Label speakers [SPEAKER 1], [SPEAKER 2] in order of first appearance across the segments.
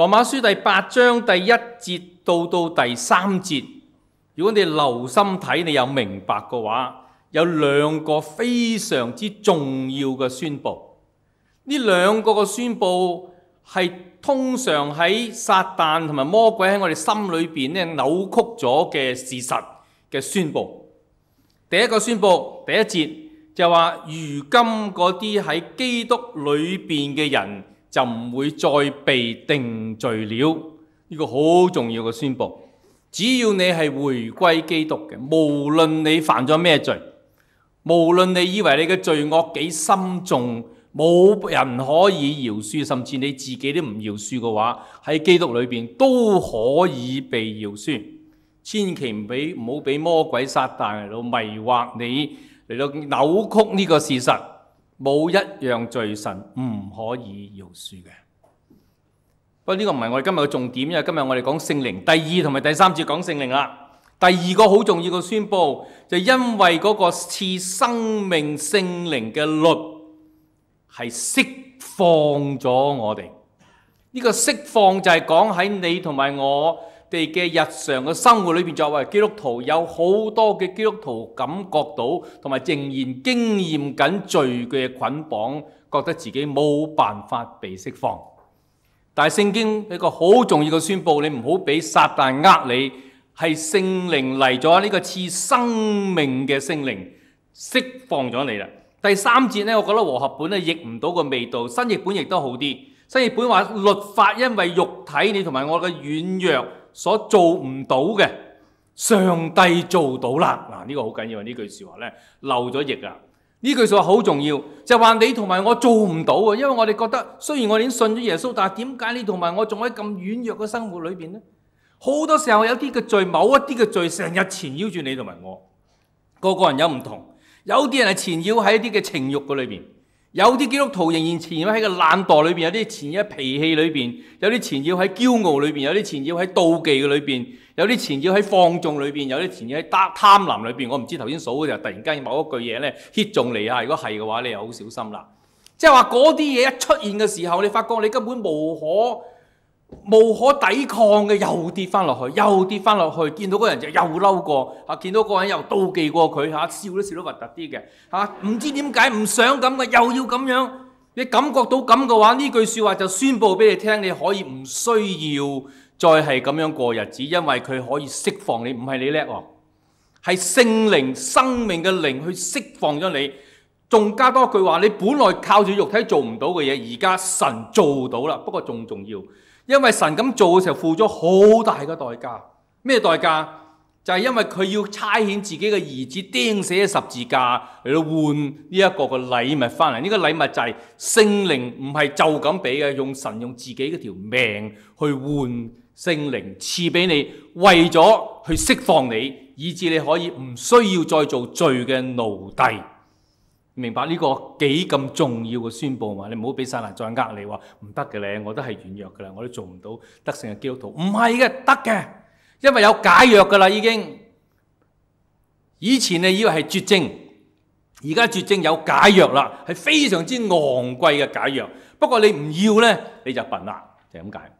[SPEAKER 1] 羅馬書第八章第一節到到第三節，如果你留心睇，你有明白嘅話，有兩個非常之重要嘅宣佈。呢兩個嘅宣佈係通常喺撒旦同埋魔鬼喺我哋心裏邊咧扭曲咗嘅事實嘅宣佈。第一個宣佈，第一節就話：如今嗰啲喺基督裏邊嘅人。就唔會再被定罪了。呢個好重要嘅宣佈。只要你係回歸基督嘅，無論你犯咗咩罪，無論你以為你嘅罪惡幾深重，冇人可以饒恕，甚至你自己都唔饒恕嘅話，喺基督裏面都可以被饒恕。千祈唔俾，唔好畀魔鬼撒旦嚟到迷惑你，嚟到扭曲呢個事實。冇一樣罪神唔可以饒恕嘅。不過呢個唔係我哋今日嘅重點，因為今日我哋講聖靈，第二同埋第三節講聖靈啦。第二個好重要嘅宣佈，就因為嗰個賜生命聖靈嘅律係釋放咗我哋。呢個釋放就係講喺你同埋我。我哋嘅日常嘅生活裏邊，作為基督徒有好多嘅基督徒感覺到同埋仍然經驗緊罪嘅捆綁，覺得自己冇辦法被釋放。但係聖經一個好重要嘅宣佈，你唔好俾撒但呃你，係聖靈嚟咗，呢個賜生命嘅聖靈釋放咗你啦。第三節咧，我覺得和合本咧譯唔到個味道，新譯本亦都好啲。新譯本話律法因為肉體，你同埋我嘅軟弱。所做唔到嘅，上帝做到啦！嗱，呢個好緊要，呢句說話咧漏咗翼啊！呢句說話好重要，就係話你同埋我做唔到啊！因為我哋覺得，雖然我已經信咗耶穌，但係點解你同埋我仲喺咁軟弱嘅生活裏邊呢？好多時候有啲嘅罪，某一啲嘅罪，成日纏繞住你同埋我。個個人有唔同，有啲人係纏繞喺一啲嘅情慾嘅裏邊。有啲基督徒仍然潛喺個懶惰裏面，有啲潛喺脾氣裏面，有啲潛咗喺驕傲裏面，有啲潛咗喺妒忌嘅裏邊，有啲潛咗喺放縱裏面，有啲潛咗喺貪婪裏面。我唔知頭先數嗰陣突然間某一句嘢呢：「hit 中你啊！如果係嘅話，你就好小心啦。即係話嗰啲嘢一出現嘅時候，你發覺你根本無可無可抵抗嘅，又跌翻落去，又跌翻落去。見到嗰人就又嬲過，嚇見到嗰個人又妒忌過佢，嚇笑都笑得核突啲嘅。嚇、啊、唔知點解唔想咁嘅，又要咁樣。你感覺到咁嘅話，呢句説話就宣佈俾你聽，你可以唔需要再係咁樣過日子，因為佢可以釋放你。唔係你叻喎，係聖靈、生命嘅靈去釋放咗你。仲加多句話，你本來靠住肉體做唔到嘅嘢，而家神做到啦。不過仲重要。因為神咁做嘅時候付咗好大嘅代價，咩代價？就係因為佢要差遣自己嘅兒子釘死十字架，嚟到換呢一個嘅禮物翻嚟。呢個禮物就係聖靈，唔係就咁俾嘅。用神用自己嘅條命去換聖靈，賜俾你，為咗去釋放你，以致你可以唔需要再做罪嘅奴隸。明白呢個幾咁重要嘅宣佈嘛？你唔好俾撒但再呃你話唔得嘅咧，我都係軟弱嘅啦，我都做唔到得勝嘅基督徒。唔係嘅，得嘅，因為有解藥嘅啦，已經。以前你以為係絕症，而家絕症有解藥啦，係非常之昂貴嘅解藥。不過你唔要咧，你就笨啦，就係咁解。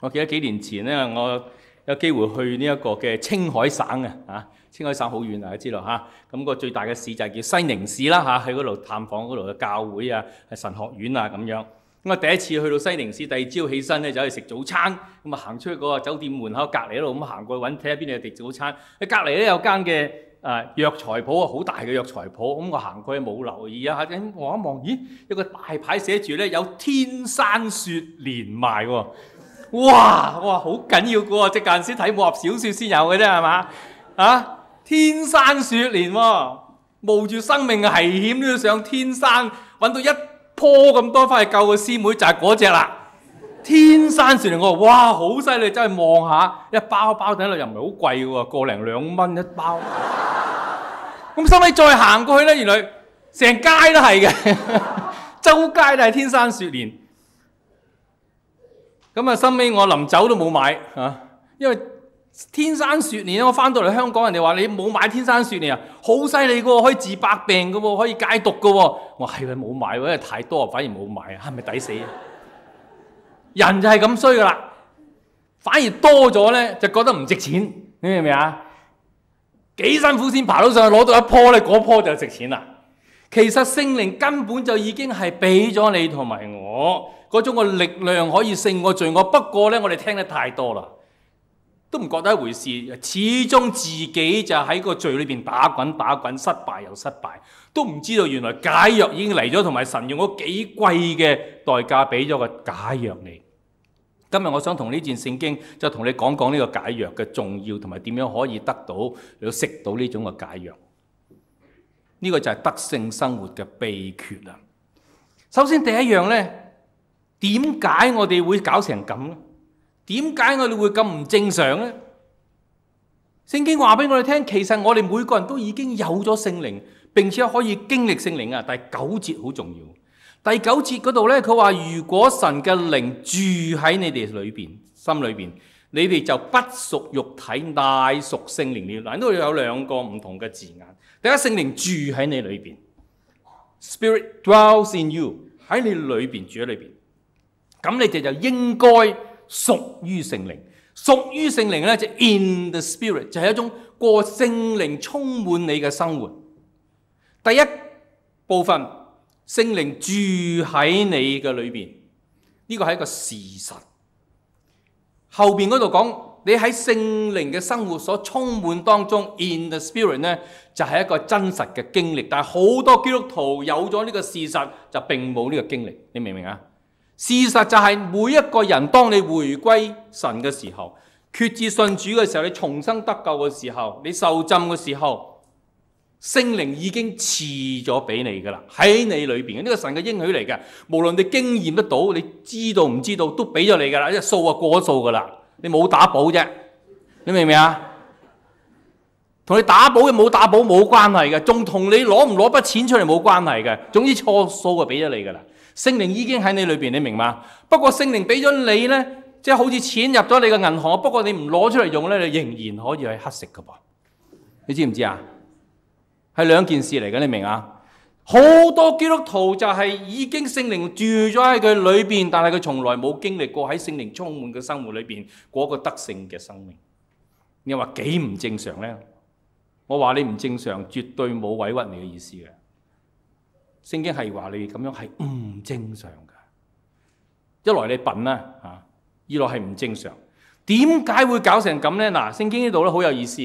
[SPEAKER 1] 我記得幾年前咧，我有機會去呢一個嘅青海省嘅啊。青海省好遠，大家知道嚇？咁個最大嘅市就係叫西寧市啦嚇，去嗰度探訪嗰度嘅教會啊，係神學院啊咁樣。咁啊，第一次去到西寧市，第二朝起身咧就去食早餐。咁啊，行出嗰個酒店門口隔離嗰度咁行過揾睇下邊度食早餐。喺隔離咧有一間嘅啊藥材鋪啊，好大嘅藥材鋪。咁我行過去冇留意啊，嚇！望一望，咦，有個大牌寫住咧有「天山雪蓮埋」喎！哇哇，好緊要嘅喎！即係先睇武俠小說先有嘅啫，係嘛？啊！天山雪蓮喎，冒住生命嘅危險都要上天山搵到一棵咁多，翻去救個師妹就係嗰隻啦。天山雪蓮我話哇好犀利，真係望下，一包包頂落又唔係好貴喎，個零兩蚊一包。咁收尾再行過去咧，原來成街都係嘅，周街都係天山雪蓮。咁啊，收尾我臨走都冇買啊，因為。天山雪蓮我翻到嚟香港，人哋話你冇買天山雪蓮啊，好犀利噶，可以治百病噶，可以解毒噶。我係咪冇買喎？因為太多，反而冇買啊，係咪抵死？ 人就係咁衰噶啦，反而多咗呢，就覺得唔值錢。你明唔明啊？幾辛苦先爬到上去，攞到一樖咧，嗰樖就值錢啦。其實聖靈根本就已經係俾咗你同埋我嗰種個力量，可以勝過罪惡。我不過呢，我哋聽得太多啦。都唔覺得一回事，始終自己就喺個罪裏面打滾打滾，失敗又失敗，都唔知道原來解藥已經嚟咗，同埋神用咗幾貴嘅代價俾咗個解藥你。今日我想同呢件聖經就同你講講呢個解藥嘅重要，同埋點樣可以得到，有食到呢種嘅解藥呢，呢個就係得勝生活嘅秘訣啦。首先第一樣呢，點解我哋會搞成咁呢？點解我哋會咁唔正常呢？聖經話俾我哋聽，其實我哋每個人都已經有咗聖靈，並且可以經歷聖靈啊。第九節好重要，第九節嗰度呢，佢話如果神嘅靈住喺你哋裏邊，心裏邊，你哋就不屬肉體，乃屬聖靈了。嗱，呢度有兩個唔同嘅字眼。第一，聖靈住喺你裏邊，spirit dwells in you，喺你裏邊住喺裏邊，咁你哋就應該。屬於聖靈，屬於聖靈咧就係 in the spirit，就係一種過聖靈充滿你嘅生活。第一部分，聖靈住喺你嘅裏面，呢個係一個事實。後面嗰度講你喺聖靈嘅生活所充滿當中 in the spirit 呢，就係一個真實嘅經歷。但係好多基督徒有咗呢個事實，就並冇呢個經歷。你明唔明啊？事實就係每一個人，當你回歸神嘅時候，決志信主嘅時候，你重生得救嘅時候，你受浸嘅時候，聖靈已經賜咗俾你噶啦，喺你裏面呢個神嘅應許嚟嘅。無論你經驗得到，你知道唔知道都給了了，都俾咗你噶啦，呢個數啊過咗數噶啦，你冇打簿啫。你明唔明啊？同你打簿嘅冇打簿冇關係嘅，仲同你攞唔攞筆錢出嚟冇關係嘅。總之錯數就俾咗你噶啦。聖靈已經喺你裏邊，你明嘛？不過聖靈俾咗你呢，即係好似錢入咗你嘅銀行，不過你唔攞出嚟用呢，你仍然可以係乞食噶噃，你知唔知啊？係兩件事嚟嘅，你明啊？好多基督徒就係已經聖靈住咗喺佢裏邊，但係佢從來冇經歷過喺聖靈充滿嘅生活裏邊嗰個得勝嘅生命。你話幾唔正常呢？我話你唔正常，絕對冇委屈你嘅意思嘅。聖經係話你咁樣係唔正常嘅，一來你笨啦嚇，二來係唔正常。點解會搞成咁咧？嗱，聖經呢度咧好有意思，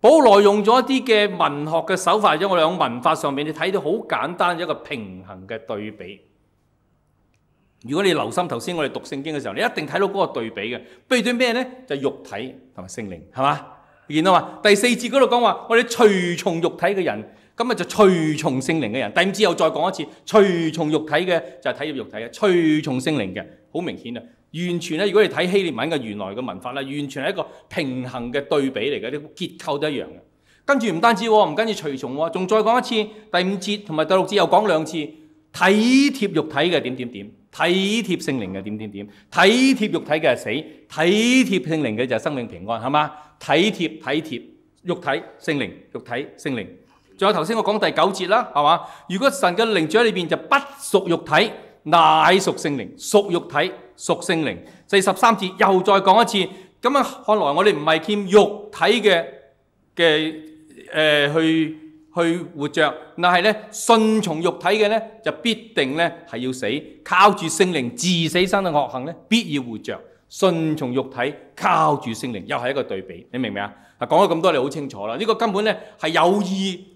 [SPEAKER 1] 保羅用咗一啲嘅文學嘅手法，喺我哋文化上面，你睇到好簡單一個平衡嘅對比。如果你留心頭先我哋讀聖經嘅時候，你一定睇到嗰個對比嘅。不對對咩咧？就係、肉體同埋聖靈，係嘛？見啦嘛。第四節嗰度講話，我哋隨從肉體嘅人。今日就隨從聖靈嘅人，第五節又再講一次，隨從肉體嘅就係體貼肉體嘅，隨從聖靈嘅好明顯啊！完全呢，如果你睇希臘文嘅原來嘅文法咧，完全係一個平衡嘅對比嚟嘅，啲結構都一樣嘅。跟住唔單止，唔跟住隨從，仲再講一次，第五節同埋第六節又講兩次，體貼肉體嘅點點點，體貼聖靈嘅點點點，體貼肉體嘅係死，體貼聖靈嘅就係生命平安，係嘛？體貼體貼，肉體聖靈，肉體聖靈。肉仲有頭先我講第九節啦，係嘛？如果神嘅靈住喺裏邊，就不屬肉體，乃屬聖靈。屬肉體，屬聖靈。四十三節又再講一次，咁樣看來我哋唔係欠肉體嘅嘅誒去去活着，但係呢，順從肉體嘅呢，就必定呢係要死，靠住聖靈治死身嘅惡行呢，必要活着。順從肉體靠住聖靈又係一個對比，你明唔明啊？講咗咁多你好清楚啦，呢、呢個根本呢，係有意。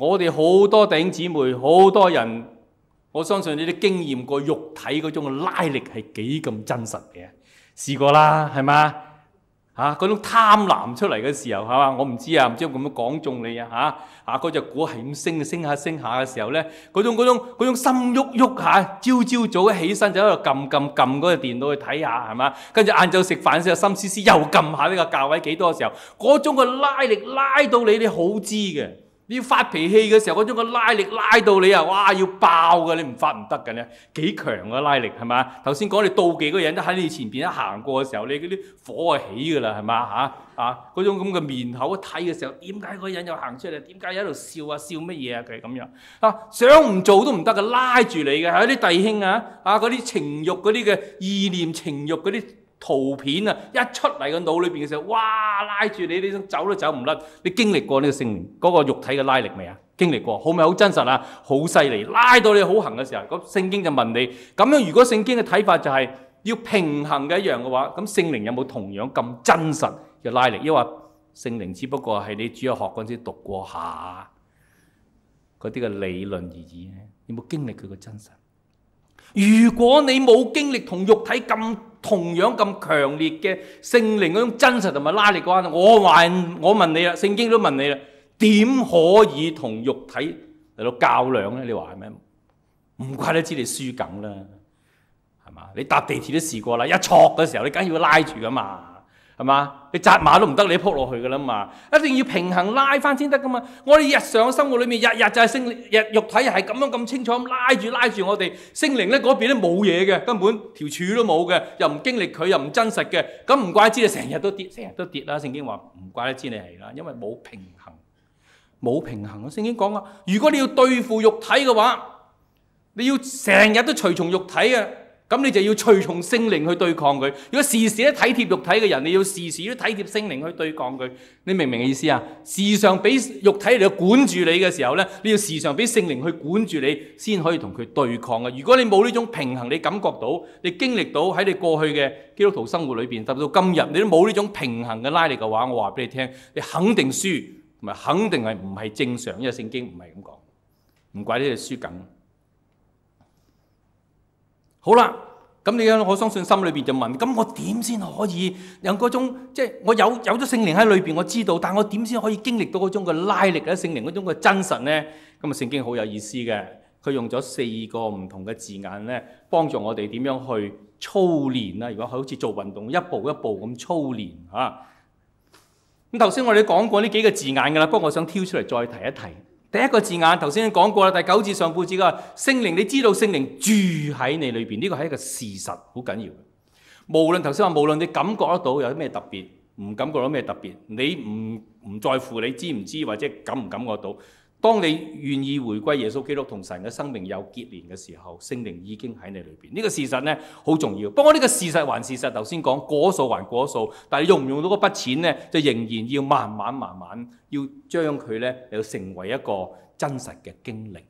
[SPEAKER 1] 我哋好多弟兄姊妹，好多人，我相信你啲經驗過，個肉體嗰種拉力係幾咁真實嘅，試過啦，係嘛？嗰種貪婪出嚟嘅時候，係嘛？我唔知啊，唔知我咁樣講中你啊，嗰隻股係咁升，升下升下嘅時候咧，嗰種嗰種嗰種心喐喐下，朝朝早起身就喺度撳撳撳嗰個電腦去睇下，係嘛？跟住晏晝食飯嗰時，心思思又撳下呢個價位幾多嘅時候，嗰種個拉力拉到你，你好知嘅。你要發脾氣嘅時候，嗰種嘅拉力拉到你啊，哇！要爆㗎！你唔發唔得㗎呢？幾強嘅、啊、拉力，係咪？頭先講你妒忌嗰個人都喺你前面一行過嘅時候，你嗰啲火就起了，是吧？啊，起㗎啦，係咪？嗰種咁嘅面口睇嘅時候，點解嗰個人又行出嚟？點解喺度笑呀、啊？笑乜嘢呀？佢咁樣啊，想唔做都唔得嘅，拉住你嘅係嗰啲弟兄啊，嗰啲、啊、情慾嗰啲嘅意念，情慾嗰啲。圖片啊，一出嚟個腦裏邊嘅時候，哇！拉住你呢種走都走唔甩。你經歷過呢個聖靈嗰個肉體嘅拉力未啊？經歷過，好唔好真實啊？好犀利，拉到你好行嘅時候，咁聖經就問你：咁樣如果聖經嘅睇法就係要平衡嘅一樣嘅話，咁聖靈有冇同樣咁真實嘅拉力？因為聖靈只不過係你主日學嗰陣時讀過下嗰啲嘅理論而已，有冇經歷佢嘅真實？如果你冇經歷同肉體咁同樣咁強烈嘅聖靈嗰種真實同埋拉力嘅話，我還我問你啊，聖經都問你啦，點可以同肉體嚟到較量咧？你話係咩？唔怪得知你輸梗啦，係嘛？你搭地鐵都試過啦，一挫嘅時候你梗要拉住噶嘛？係嘛？你紮馬都唔得，你扑落去噶啦嘛！一定要平衡拉翻先得噶嘛！我哋日常生活裏面，日日就係聖靈肉體又係咁樣咁清楚咁拉住拉住我哋聖靈咧嗰邊咧冇嘢嘅，根本條柱都冇嘅，又唔經歷佢，又唔真實嘅，咁唔怪之你成日都跌，成日都跌啦！聖經話唔怪得知你係啦，因為冇平衡，冇平衡啊！聖經講啊，如果你要對付肉體嘅話，你要成日都隨從肉體啊！咁你就要隨從聖靈去對抗佢。如果時時都體貼肉體嘅人，你要時時都體貼聖靈去對抗佢。你明唔明嘅意思啊？時常俾肉體嚟到管住你嘅時候咧，你要時常俾聖靈去管住你，先可以同佢對抗嘅。如果你冇呢種平衡，你感覺到、你經歷到喺你過去嘅基督徒生活裏邊，直到今日，你都冇呢種平衡嘅拉力嘅話，我話俾你聽，你肯定輸，同埋肯定係唔係正常，因為聖經唔係咁講，唔怪呢個輸梗。好啦，咁你我相信心裏邊就問：咁我點先可以有嗰種，即係我有有咗聖靈喺裏邊，我知道，但我點先可以經歷到嗰種嘅拉力啊？聖靈嗰種嘅真實呢？咁啊聖經好有意思嘅，佢用咗四個唔同嘅字眼呢，幫助我哋點樣去操練啦。如果佢好似做運動，一步一步咁操練嚇。咁頭先我哋講過呢幾個字眼噶啦，不過我想挑出嚟再提一提。第一個字眼，頭先講過啦。第九節上半節嘅聖靈，你知道聖靈住喺你裏邊？呢個係一個事實，好緊要嘅。無論頭先話，無論你感覺得到有啲咩特別，唔感覺到咩特別，你唔唔在乎你，你知唔知或者感唔感覺到？當你願意回歸耶穌基督同神嘅生命有結連嘅時候，聖靈已經喺你裏邊，呢個事實呢，好重要。不過呢個事實還事實，頭先講果數還果數，但係用唔用到嗰筆錢呢，就仍然要慢慢慢慢要將佢呢，嚟到成為一個真實嘅經歷。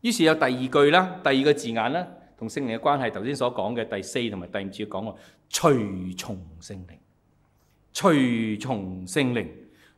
[SPEAKER 1] 於是有第二句啦，第二個字眼啦，同聖靈嘅關係，頭先所講嘅第四同埋第五節講嘅隨從聖靈，隨從聖靈。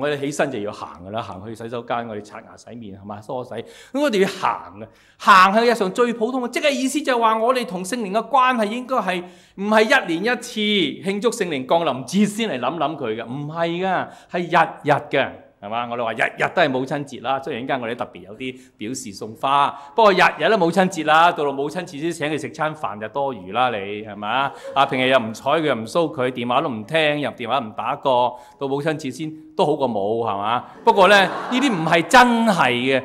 [SPEAKER 1] 我哋起身就要行㗎啦，行去洗手間，我哋刷牙洗面，係咪梳洗，咁我哋要行㗎。行係日常最普通嘅，即係意思就話我哋同聖靈嘅關係應該係唔係一年一次慶祝聖靈降臨節先嚟諗諗佢㗎，唔係㗎，係日日㗎。係嘛？我哋話日日都係母親節啦，雖然陣間我哋特別有啲表示送花。不過日日都母親節啦，到到母親節先請佢食餐飯就多餘啦，你係咪？啊，平日又唔睬佢，又唔騷佢，電話都唔聽，入電話唔打過，到母親節先都好過冇係嘛？不過咧，呢啲唔係真係嘅，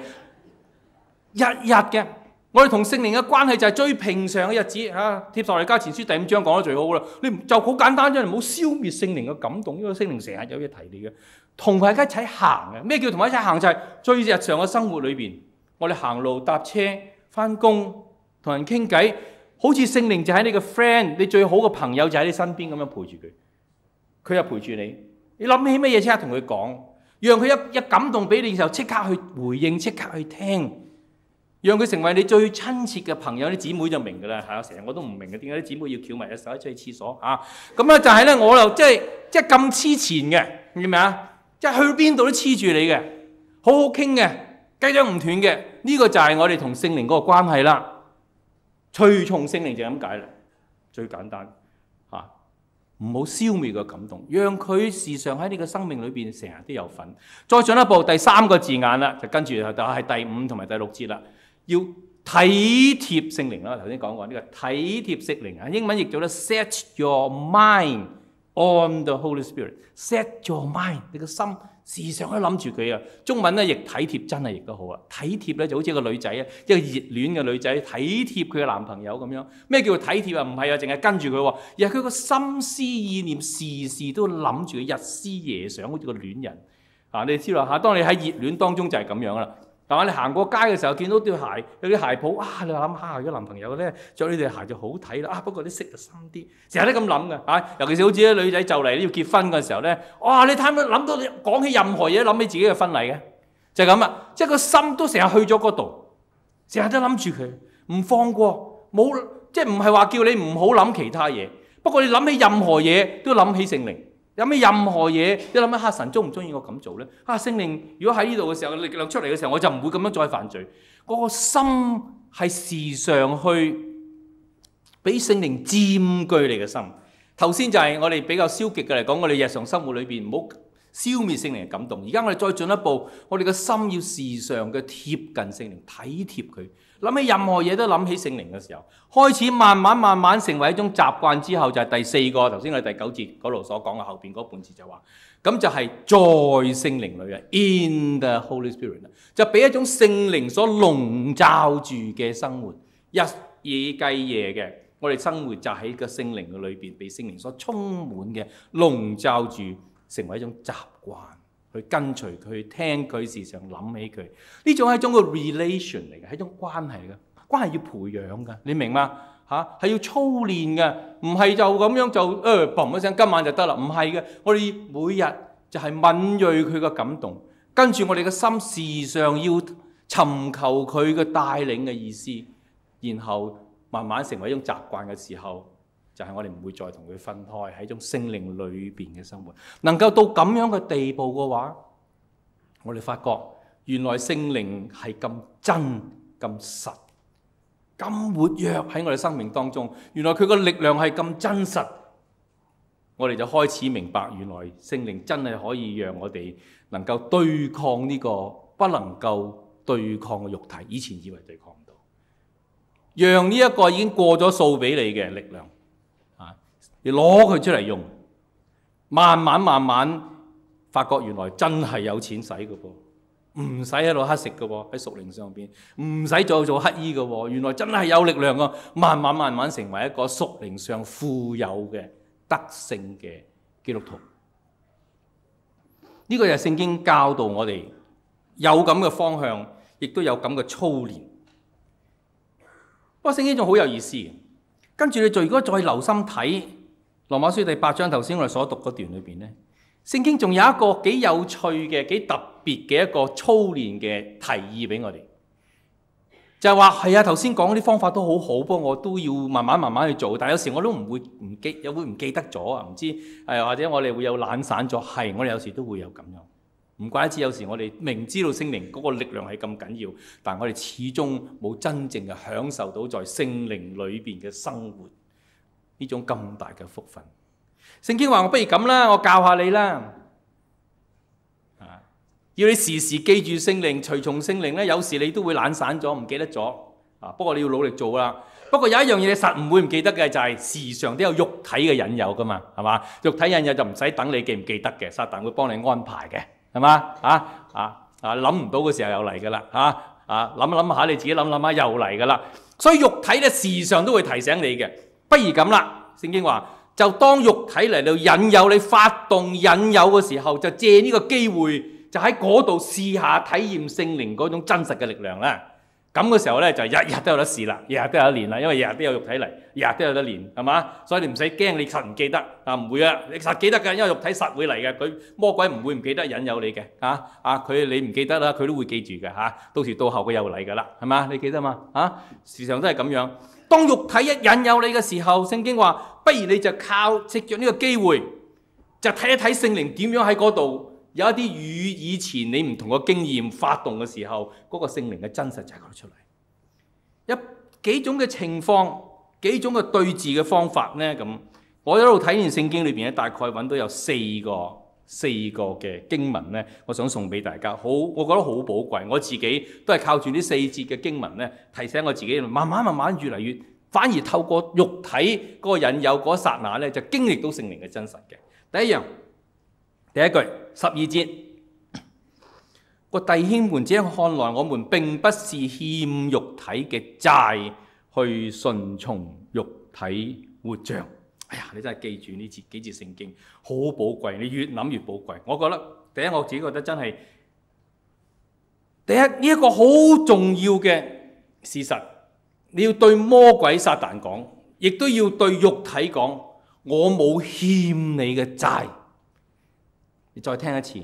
[SPEAKER 1] 日日嘅。我哋同聖靈嘅關係就係最平常嘅日子嚇。帖撒羅尼迦前書第五章講得最好啦。你就好簡單啫，唔好消滅聖靈嘅感動，因為聖靈成日有嘢提你嘅。同佢喺一齊行嘅咩叫同佢一齊行就係最日常嘅生活裏邊。我哋行路搭車翻工同人傾偈，好似聖靈就喺你嘅 friend，你最好嘅朋友就喺你身邊咁樣陪住佢，佢又陪住你。你諗起乜嘢即刻同佢講，讓佢一一感動俾你嘅時候即刻去回應，即刻去聽，讓佢成為你最親切嘅朋友。啲姊妹就明㗎啦成日我都唔明嘅點解啲姊妹要翹埋一手一出去廁所吓咁咧，就係咧我就即係即係咁黐纏嘅，明唔明？啊？即係去邊邊度都黐住你嘅，好好傾嘅，雞腸唔斷嘅，呢、這個就係我哋同聖靈嗰個關係啦。隨從聖靈就咁解啦，最簡單嚇，唔、啊、好消滅個感動，讓佢時常喺你嘅生命裏面成日都有份。再上一步，第三個字眼啦，就跟住就係第五同埋第六節啦，要體貼聖靈啦。頭先講過呢、這個體貼聖靈啊，英文譯做咗 set your mind。On the Holy Spirit，set your mind，你個心時常都諗住佢啊。中文咧亦體貼，真係亦都好啊。體貼咧就好似個女仔啊，一個熱戀嘅女仔體貼佢嘅男朋友咁樣。咩叫做體貼啊？唔係啊，淨係跟住佢喎。而係佢個心思意念時時都諗住佢，日思夜想，好似個戀人啊！你知道嚇，當你喺熱戀當中就係咁樣嘅啦。係嘛？你行過街嘅時候見到對鞋，有啲鞋鋪，啊你話諗下如果男朋友咧着呢對鞋就好睇啦。啊，不過啲色就深啲，成日都咁諗嘅。尤其是好似啲女仔就嚟要結婚嘅時候咧，哇、啊！你睇唔睇？諗到講起任何嘢都諗起自己嘅婚禮嘅，就係咁啊！即係個心都成日去咗嗰度，成日都諗住佢，唔放過，冇即係唔係話叫你唔好諗其他嘢？不過你諗起任何嘢都諗起聖靈。有咩任何嘢一諗一黑神鍾唔鍾意我咁做咧？嚇、啊、聖靈，如果喺呢度嘅時候力量出嚟嘅時候，我就唔會咁樣再犯罪。嗰、那個心係時常去俾聖靈佔據你嘅心。頭先就係我哋比較消極嘅嚟講，我哋日常生活裏邊唔好消滅聖靈嘅感動。而家我哋再進一步，我哋嘅心要時常嘅貼近聖靈，體貼佢。諗起任何嘢都諗起聖靈嘅時候，開始慢慢慢慢成為一種習慣之後，就係、是、第四個。頭先我哋第九節嗰度所講嘅後邊嗰半節就話，咁就係在聖靈裏啊，in the Holy Spirit 就俾一種聖靈所籠罩住嘅生活，日以繼夜嘅，我哋生活就喺個聖靈嘅裏邊，俾聖靈所充滿嘅籠罩住，成為一種習慣。去跟隨佢，聽佢，時常諗起佢，呢種係一種個 relation 嚟嘅，係一種關係嘅，關係要培養噶，你明嗎？吓，係要操練嘅，唔係就咁樣就誒，嘣、呃、一聲今晚就得啦，唔係嘅，我哋每日就係敏鋭佢個感動，跟住我哋嘅心時常要尋求佢嘅帶領嘅意思，然後慢慢成為一種習慣嘅時候。就係我哋唔會再同佢分開喺一種聖靈裏邊嘅生活，能夠到咁樣嘅地步嘅話，我哋發覺原來聖靈係咁真、咁實、咁活躍喺我哋生命當中。原來佢個力量係咁真實，我哋就開始明白原來聖靈真係可以讓我哋能夠對抗呢個不能夠對抗嘅肉體。以前以為對抗唔到，讓呢一個已經過咗數俾你嘅力量。你攞佢出嚟用，慢慢慢慢，發覺原來真係有錢使嘅噃，唔使喺度乞食嘅喎，喺屬靈上邊唔使再做乞衣嘅喎，原來真係有力量嘅，慢慢慢慢成為一個屬靈上富有嘅得勝嘅基督徒。呢、這個就係聖經教導我哋有咁嘅方向，亦都有咁嘅操練。不過聖經仲好有意思，跟住你如果再留心睇。羅馬書第八章頭先我哋所讀嗰段裏邊呢，聖經仲有一個幾有趣嘅、幾特別嘅一個操練嘅提議俾我哋，就係話係啊，頭先講嗰啲方法都好好，不過我都要慢慢慢慢去做。但係有時我都唔會唔記，有會唔記得咗啊？唔知誒，或者我哋會有懶散咗。係我哋有時都會有咁樣。唔怪得之，有時我哋明知道聖靈嗰個力量係咁緊要，但我哋始終冇真正嘅享受到在聖靈裏邊嘅生活。呢種咁大嘅福分，聖經話我不如咁啦，我教下你啦，要你時時記住聖靈，隨從聖靈咧。有時你都會懶散咗，唔記得咗啊。不過你要努力做啦。不過有一樣嘢，你實唔會唔記得嘅就係時常都有肉體嘅引誘噶嘛，係嘛？肉體引誘就唔使等你記唔記得嘅，撒旦會幫你安排嘅，係嘛？啊啊啊！諗唔到嘅時候又嚟噶啦，啊啊諗一諗下你自己諗諗下又嚟噶啦，所以肉體咧時常都會提醒你嘅。不如咁啦，聖經話就當肉體嚟到引誘你發動引誘嘅時候，就借呢個機會就喺嗰度試下體驗聖靈嗰種真實嘅力量啦。咁嘅時候咧就日日都有得試啦，日日都有得練啦，因為日日都有肉體嚟，日日都有得練，係嘛？所以你唔使驚，你實唔記得啊，唔會啊，你實記得嘅，因為肉體實會嚟嘅，佢魔鬼唔會唔記得引誘你嘅啊啊！佢你唔記得啦，佢都會記住嘅嚇、啊。到時到後佢又嚟噶啦，係嘛？你記得嘛？啊，時常都係咁樣。當肉體一引誘你嘅時候，聖經話，不如你就靠借着呢個機會，就睇一睇聖靈點樣喺嗰度，有一啲與以前你唔同嘅經驗發動嘅時候，嗰、嗰個聖靈嘅真實就係度出嚟。一幾種嘅情況，幾種嘅對峙嘅方法呢？咁我一路睇完聖經裏邊咧，大概揾到有四個。四個嘅經文呢，我想送俾大家，好，我覺得好寶貴。我自己都係靠住呢四節嘅經文呢，提醒我自己，慢慢慢慢越嚟越，反而透過肉體個引誘嗰一剎那呢，就經歷到聖靈嘅真實嘅。第一樣，第一句十二節，個弟兄們，這樣看來，我們並不是欠肉體嘅債，去順從肉體活著。哎呀！你真係記住呢幾字聖經，好寶貴。你越諗越寶貴。我覺得第一，我自己覺得真係第一呢一個好重要嘅事實。你要對魔鬼撒旦講，亦都要對肉體講：我冇欠你嘅債。你再聽一次，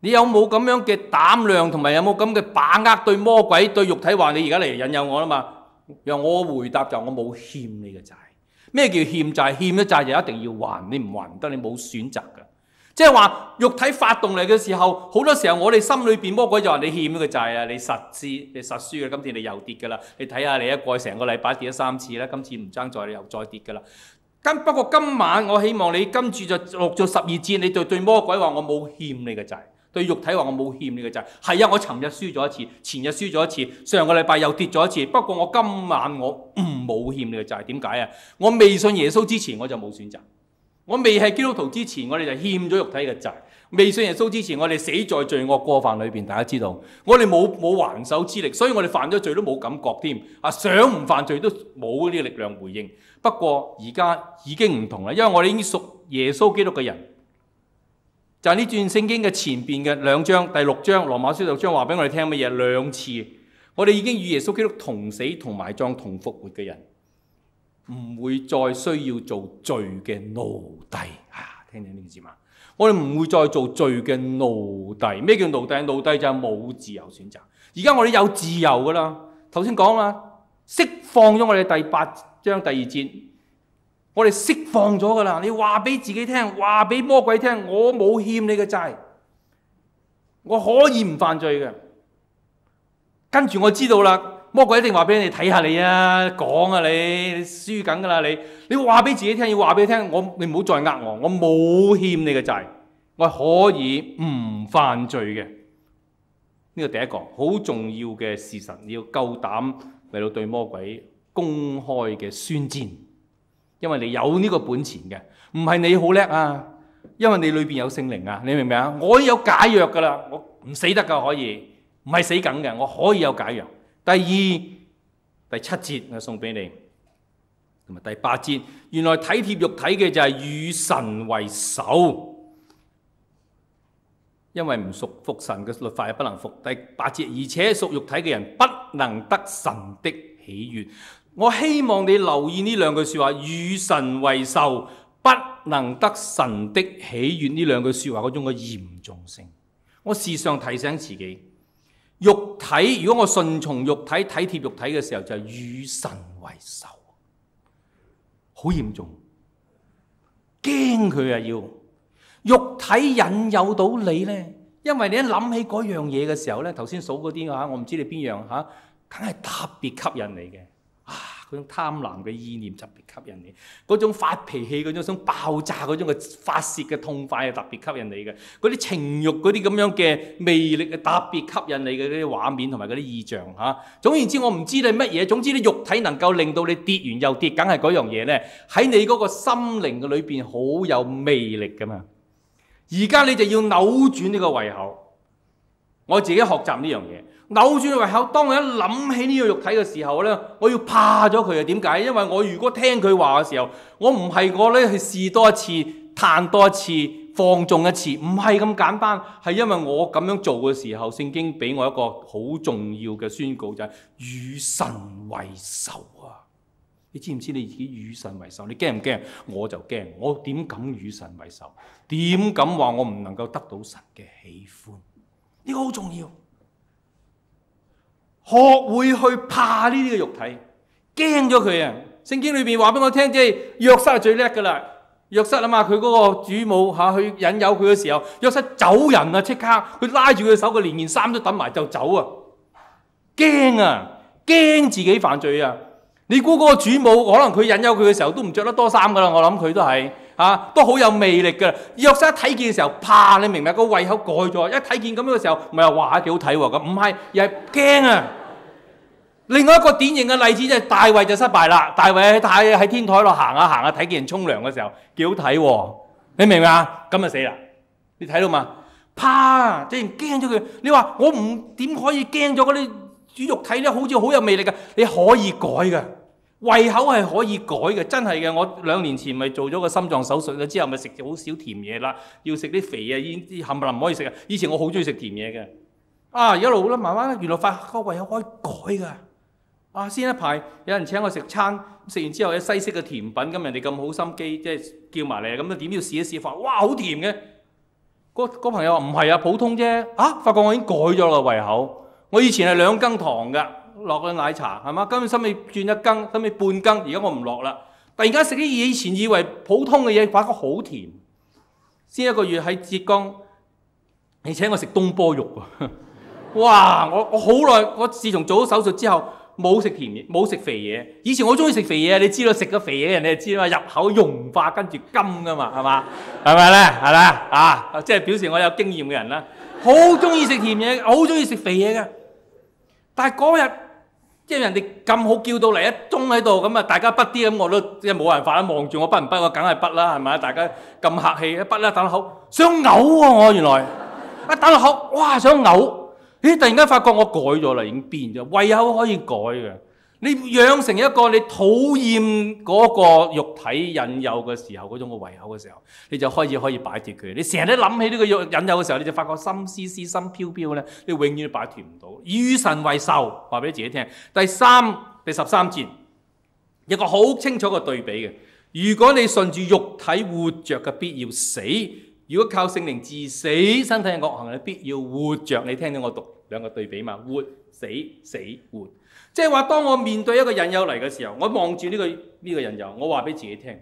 [SPEAKER 1] 你有冇咁樣嘅膽量同埋有冇咁嘅把握對魔鬼、對肉體話你而家嚟引誘我啦嘛？讓我回答就我冇欠你嘅債。咩叫欠債？欠咗債就一定要還，你唔還唔得，你冇選擇㗎。即係話肉體發動嚟嘅時候，好多時候我哋心裏邊魔鬼就話你欠咗個債啊！你實資你實輸啊！今次你又跌㗎啦，你睇下你一個成個禮拜跌咗三次啦，今次唔爭再，你又再跌㗎啦。咁不過今晚我希望你跟住就落咗十二戰，你對,對魔鬼話我冇欠你嘅債。對肉體話我冇欠你嘅債，係啊，我尋日輸咗一次，前日輸咗一次，上個禮拜又跌咗一次。不過我今晚我唔冇欠你嘅債，點解啊？我未信耶穌之前我就冇選擇，我未係基督徒之前，我哋就欠咗肉體嘅債。未信耶穌之前，我哋死在罪惡過犯裏邊。大家知道，我哋冇冇還手之力，所以我哋犯咗罪都冇感覺添啊，想唔犯罪都冇呢個力量回應。不過而家已經唔同啦，因為我哋已經屬耶穌基督嘅人。就係呢段聖經嘅前面嘅兩章，第六章《羅馬書》六章話俾我哋聽乜嘢？兩次，我哋已經與耶穌基督同死同埋葬同復活嘅人，唔會再需要做罪嘅奴隸啊！聽清呢個字嘛，我哋唔會再做罪嘅奴隸。咩叫奴隸？奴隸就係冇自由選擇。而家我哋有自由噶啦。頭先講啦，釋放咗我哋第八章第二節。我哋釋放咗噶啦！你話俾自己聽，話俾魔鬼聽，我冇欠你嘅債，我可以唔犯罪嘅。跟住我知道啦，魔鬼一定話俾你哋睇下你啊，講啊你，輸緊噶啦你！你話俾自己聽，要話俾你聽我，你唔好再呃我，我冇欠你嘅債，我可以唔犯罪嘅。呢個第一個好重要嘅事實，你要夠膽嚟到對魔鬼公開嘅宣戰。因為你有呢個本錢嘅，唔係你好叻啊！因為你裏邊有聖靈啊，你明唔明啊？我有解藥㗎喇，我唔死得㗎可以，唔係死緊嘅，我可以有解藥。第二，第七節我送俾你，同埋第八節，原來體貼肉體嘅就係與神為仇，因為唔屬服神嘅律法，係不能服。第八節，而且屬肉體嘅人不能得神的喜悅。我希望你留意呢兩句說話：與神為仇，不能得神的喜悅。呢兩句說話嗰種嘅嚴重性，我時常提醒自己。肉體如果我順從肉體、體貼肉體嘅時候，就係與神為仇，好嚴重。驚佢啊！要肉體引誘到你呢，因為你一諗起嗰樣嘢嘅時候呢，頭先數嗰啲吓，我唔知你邊樣吓，梗係特別吸引你嘅。啊！嗰種貪婪嘅意念特別吸引你，嗰種發脾氣、嗰種想爆炸、嗰種嘅發泄嘅痛快係特別吸引你嘅，嗰啲情慾、嗰啲咁樣嘅魅力特別吸引你嘅嗰啲畫面同埋嗰啲意象、啊、總言之，我唔知你乜嘢，總之你肉體能夠令到你跌完又跌，梗係嗰樣嘢呢，喺你嗰個心靈嘅裏面，好有魅力㗎嘛。而家你就要扭轉呢個胃口，我自己學習呢樣嘢。扭轉胃口，當我一諗起呢個肉體嘅時候呢，我要怕咗佢啊！點解？因為我如果聽佢話嘅時候，我唔係我呢去試多一次、嘆多一次、放縱一次，唔係咁簡單。係因為我咁樣做嘅時候，聖經俾我一個好重要嘅宣告，就係、是、與神為仇啊！你知唔知你自己與神為仇？你驚唔驚？我就驚，我點敢與神為仇？點敢話我唔能夠得到神嘅喜歡？呢、嗯，這個好重要。學會去怕呢啲嘅肉體，驚咗佢啊！聖經裏邊話俾我聽，即係約瑟係最叻㗎啦。約瑟啊嘛，佢嗰個主母吓去引誘佢嘅時候，約瑟走人啊，即刻佢拉住佢嘅手，佢連件衫都揼埋就走啊！驚啊！驚自己犯罪啊！你估嗰個主母可能佢引誘佢嘅時候都唔著得多衫㗎啦？我諗佢都係吓，都好有魅力㗎。約瑟一睇見嘅時候，怕你明唔明個胃口蓋咗，一睇見咁樣嘅時候，咪又話幾好睇喎咁？唔係，又係驚啊！另外一個典型嘅例子就係大衛就失敗啦。大衛喺太，喺天台度行下行下，睇見人沖涼嘅時候，幾好睇喎。你明唔明啊？咁就死啦。你睇到嘛？啪！突然驚咗佢。你話我唔點可以驚咗嗰啲豬肉體咧？好似好有魅力嘅。你可以改嘅，胃口係可以改嘅。真係嘅，我兩年前咪做咗個心臟手術之後咪食咗好少甜嘢啦，要食啲肥嘢，已經冚唪唥唔可以食啊。以前我好中意食甜嘢嘅。啊，一路啦，慢慢咧，原來發覺個胃口可以改嘅。啊！先一排有人請我食餐，食完之後有西式嘅甜品，咁人哋咁好心機，即係叫埋嚟咁樣，點要試一試？發哇，好甜嘅！嗰嗰朋友話唔係啊，普通啫。嚇、啊！發覺我已經改咗個胃口。我以前係兩羹糖嘅，落個奶茶係嘛？跟住心裏轉一羹，心尾半羹，而家我唔落啦。突然間食啲以前以為普通嘅嘢，發覺好甜。先一個月喺浙江，你請我食東坡肉喎！哇！我我好耐，我自從做咗手術之後。冇食甜嘢，冇食肥嘢。以前我中意食肥嘢，你知道食咗肥嘢人哋知啦嘛，入口溶化跟住甘㗎嘛，係嘛？係咪咧？係啦，啊，即係表示我有經驗嘅人啦，好中意食甜嘢，好中意食肥嘢嘅。但係嗰日即係人哋咁好叫到嚟一盅喺度，咁啊大家畢啲咁我都即係冇辦法啦，望住我拔不唔畢，我梗係畢啦，係咪？大家咁客氣，一畢啦打落口，想嘔喎、啊、我原來，一打落口哇想嘔。你突然間發覺我改咗啦，已經變咗。胃口可以改嘅，你養成一個你討厭嗰個肉體引誘嘅時候嗰種嘅胃口嘅時候，你就開始可以擺脫佢。你成日都諗起呢個肉引誘嘅時候，你就發覺心思思、心飄飄咧，你永遠都擺脫唔到。與神為仇，話俾自己聽。第三第十三節有一個好清楚嘅對比嘅。如果你順住肉體活着嘅，必要死。如果靠聖靈致死，身體嘅惡行係必要活着。你聽到我讀兩個對比嘛？活死死活，即係話當我面對一個引誘嚟嘅時候，我望住呢個呢個引誘，我話俾自己聽：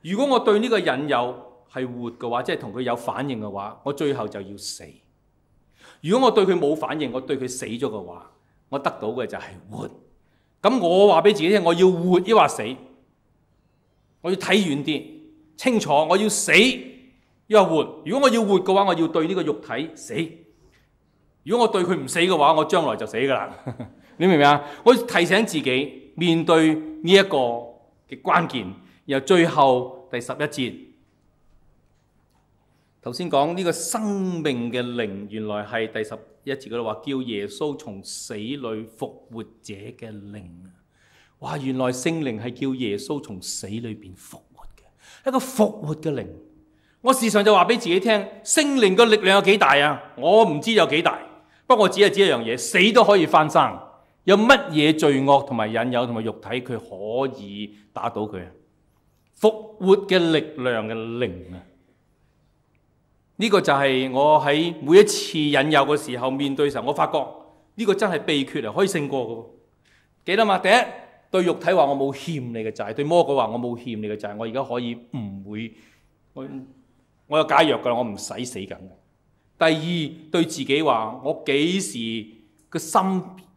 [SPEAKER 1] 如果我對呢個引誘係活嘅話，即係同佢有反應嘅話，我最後就要死；如果我對佢冇反應，我對佢死咗嘅話，我得到嘅就係活。咁我話俾自己聽，我要活抑或死，我要睇遠啲清楚，我要死。要活，如果我要活嘅話，我要對呢個肉體死；如果我對佢唔死嘅話，我將來就死噶啦。你明唔明啊？我提醒自己面對呢一個嘅關鍵，然後最後第十一節，頭先講呢個生命嘅靈，原來係第十一節嗰度話叫耶穌從死裏復活者嘅靈啊！哇，原來聖靈係叫耶穌從死裏邊復活嘅，一個復活嘅靈。我事實上就話俾自己聽，聖靈個力量有幾大啊？我唔知有幾大，不過我只係指一樣嘢，死都可以翻生。有乜嘢罪惡同埋引誘同埋肉體，佢可以打倒佢啊？復活嘅力量嘅靈啊！呢、這個就係我喺每一次引誘嘅時候面對嘅時候，我發覺呢個真係秘訣嚟，可以勝過嘅。記得嘛？第一對肉體話我冇欠你嘅債，對魔鬼話我冇欠你嘅債，我而家可以唔會我。我有解藥㗎喇，我唔使死緊。第二，對自己話：我幾時個心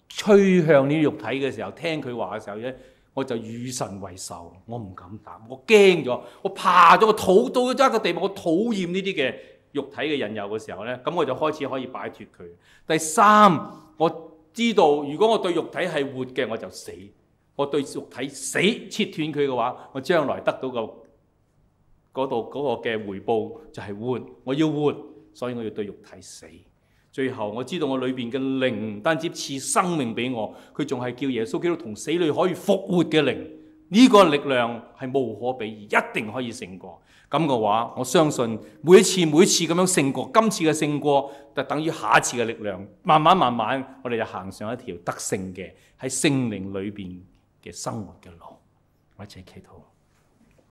[SPEAKER 1] 吹向呢啲肉體嘅時候，聽佢話嘅時候咧，我就與神為仇。我唔敢答，我驚咗，我怕咗。我討到一個地步，我討厭呢啲嘅肉體嘅引誘嘅時候咧，咁我就開始可以擺脫佢。第三，我知道如果我對肉體係活嘅，我就死；我對肉體死切斷佢嘅話，我將來得到個。嗰度嗰個嘅回報就係活，我要活，所以我要對肉體死。最後我知道我裏邊嘅靈唔單止賜生命俾我，佢仲係叫耶穌基督同死裏可以復活嘅靈。呢、這個力量係無可比擬，一定可以勝過。咁嘅話，我相信每一次每一次咁樣勝過，今次嘅勝過就等於下一次嘅力量。慢慢慢慢，我哋就行上一條得勝嘅喺聖靈裏邊嘅生活嘅路，我一齊祈禱。